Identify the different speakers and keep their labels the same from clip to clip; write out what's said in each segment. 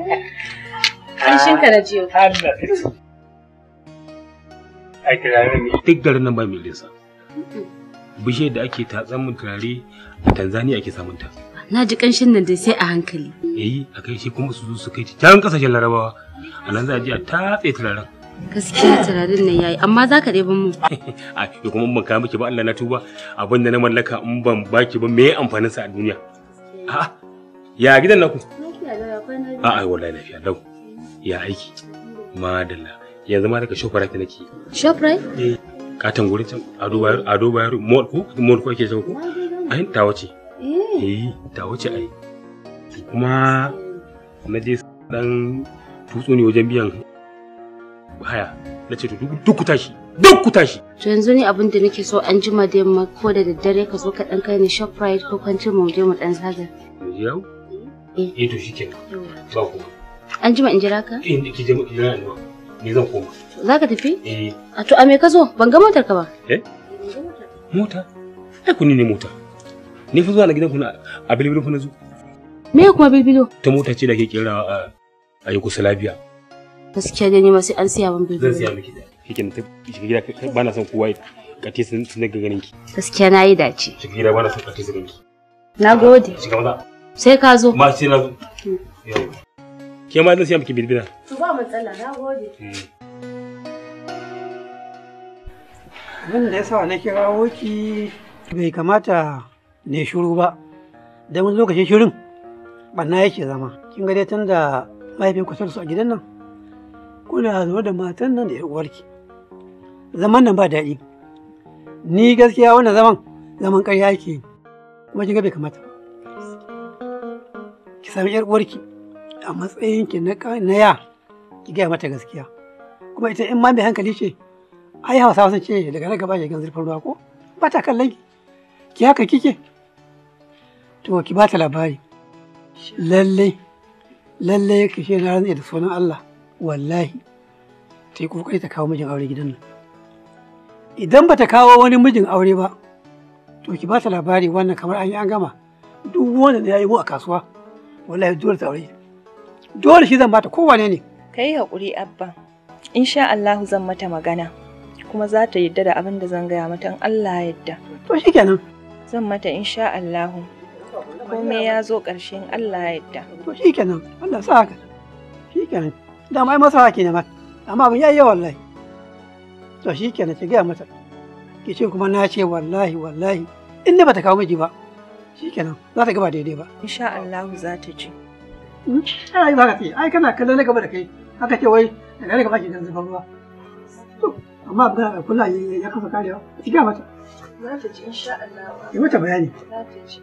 Speaker 1: An shinka ah, da jiyo. Allah A kirarin ne. Duk garin nan ba mai lesa. Bishiyar da ake tatsan mun turare a Tanzania ake samun ta.
Speaker 2: Na ji kanshin nan dai sai a hankali.
Speaker 1: Eh, a kai shi kuma su zo su kai can kasashen Larabawa. A nan za a je a tatse turaren.
Speaker 2: Gaskiya turaren nan yayi, amma za ka ɗeban mu.
Speaker 1: A kuma ban kawo miki ba Allah na tuba abin da na mallaka in ban baki ba me amfanin sa a duniya. A'a, ya gidan naku? A'a wallahi lafiya lau. Ya aiki. Madalla. Ya zama daga Shoprite nake. Shoprite? Eh. Katon gurin can Ado Bayero Ado Bayero mall ko mall ko ake ko? Ai ta wace. Eh. eh ta wace ai. Kuma na je dan tutsu ne wajen biyan haya. Na ce to duk ku tashi. Duk ku tashi.
Speaker 2: To yanzu ne abin da nake so an jima da yamma ko da daddare ka zo ka dan kai ni Shoprite ko ce mu je mu dan zaga.
Speaker 1: Yau. eh to shike ba kuma
Speaker 2: an jima in jira ka
Speaker 1: Eh ki je ki jira ni zan koma za ka tafi eh
Speaker 2: a to a me ka zo ban ga motar ka ba
Speaker 1: eh mota ai ku ne mota ni fa zuwa na gidan ku na a bilbilo fa na zo
Speaker 2: me kuma bilbilo
Speaker 1: ta mota ce da ke kira a Yugoslavia
Speaker 2: gaskiya dai ni ma sai an siya ban bilbilo zan siya
Speaker 1: miki da kike ta shiga gida ba na son kowa kati sun ga ganin ki
Speaker 2: gaskiya yi dace
Speaker 1: shiga gida ba na son kati sun ganin ki nagode shiga maza Sai ka zo. Ma sai na zo. Ke ma zan siya miki bilbila.
Speaker 2: To ba matsala, na gode.
Speaker 1: Mm.
Speaker 3: Abin da ya sa na kira woki bai kamata ne shuru ba. da wani lokacin shirin banna yake zama. Kin ga dai tun da mahaifin kusur su a gidan nan. Kuna zuwa da matan nan da uwarki. Zaman nan ba daɗi. Ni gaskiya wannan zaman zaman ƙarya yake. Kuma kin ga bai kamata ba. ki sami yar uwarki a matsayin ki na ya ki gaya mata gaskiya kuma ita in ma mai hankali ce ai hausa sun ce daga na gaba gan zurfin ruwa ko ba ta kallon ki ki haka kike to ki ba ta labari lallai lallai ki ce na ranar da sunan Allah wallahi ta yi kokari ta kawo mijin aure gidan nan idan ba ta kawo wani mijin aure ba to ki ba ta labari wannan kamar an yi an gama duk wanda ya yi mu a kasuwa wallahi dole ta aure dole shi zan bata kowane ne
Speaker 2: kai hakuri abba insha Allah zan mata magana kuma za ta yadda da abin da zan gaya mata in Allah yadda to shikenan zan mata insha Allah komai ya zo karshe in Allah yadda to shikenan
Speaker 3: Allah sa haka shikenan da mai masa haki ne ma amma abin yayi wallahi to shikenan ki gaya mata ki ce kuma na ce wallahi wallahi in ne bata kawo miji ba shikenan za ta gaba daidai ba insha Allah za ta ji hmm? ai za ka ce ai kana kallon na gaba da kai haka ce wai da gari gaba ke ganin zuban ruwa amma abin da kula ya kafa karewa ki ga mata za ta ji insha Allah ki mata bayani za ta ji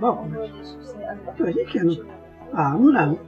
Speaker 3: ba ku to shikenan a nuna mu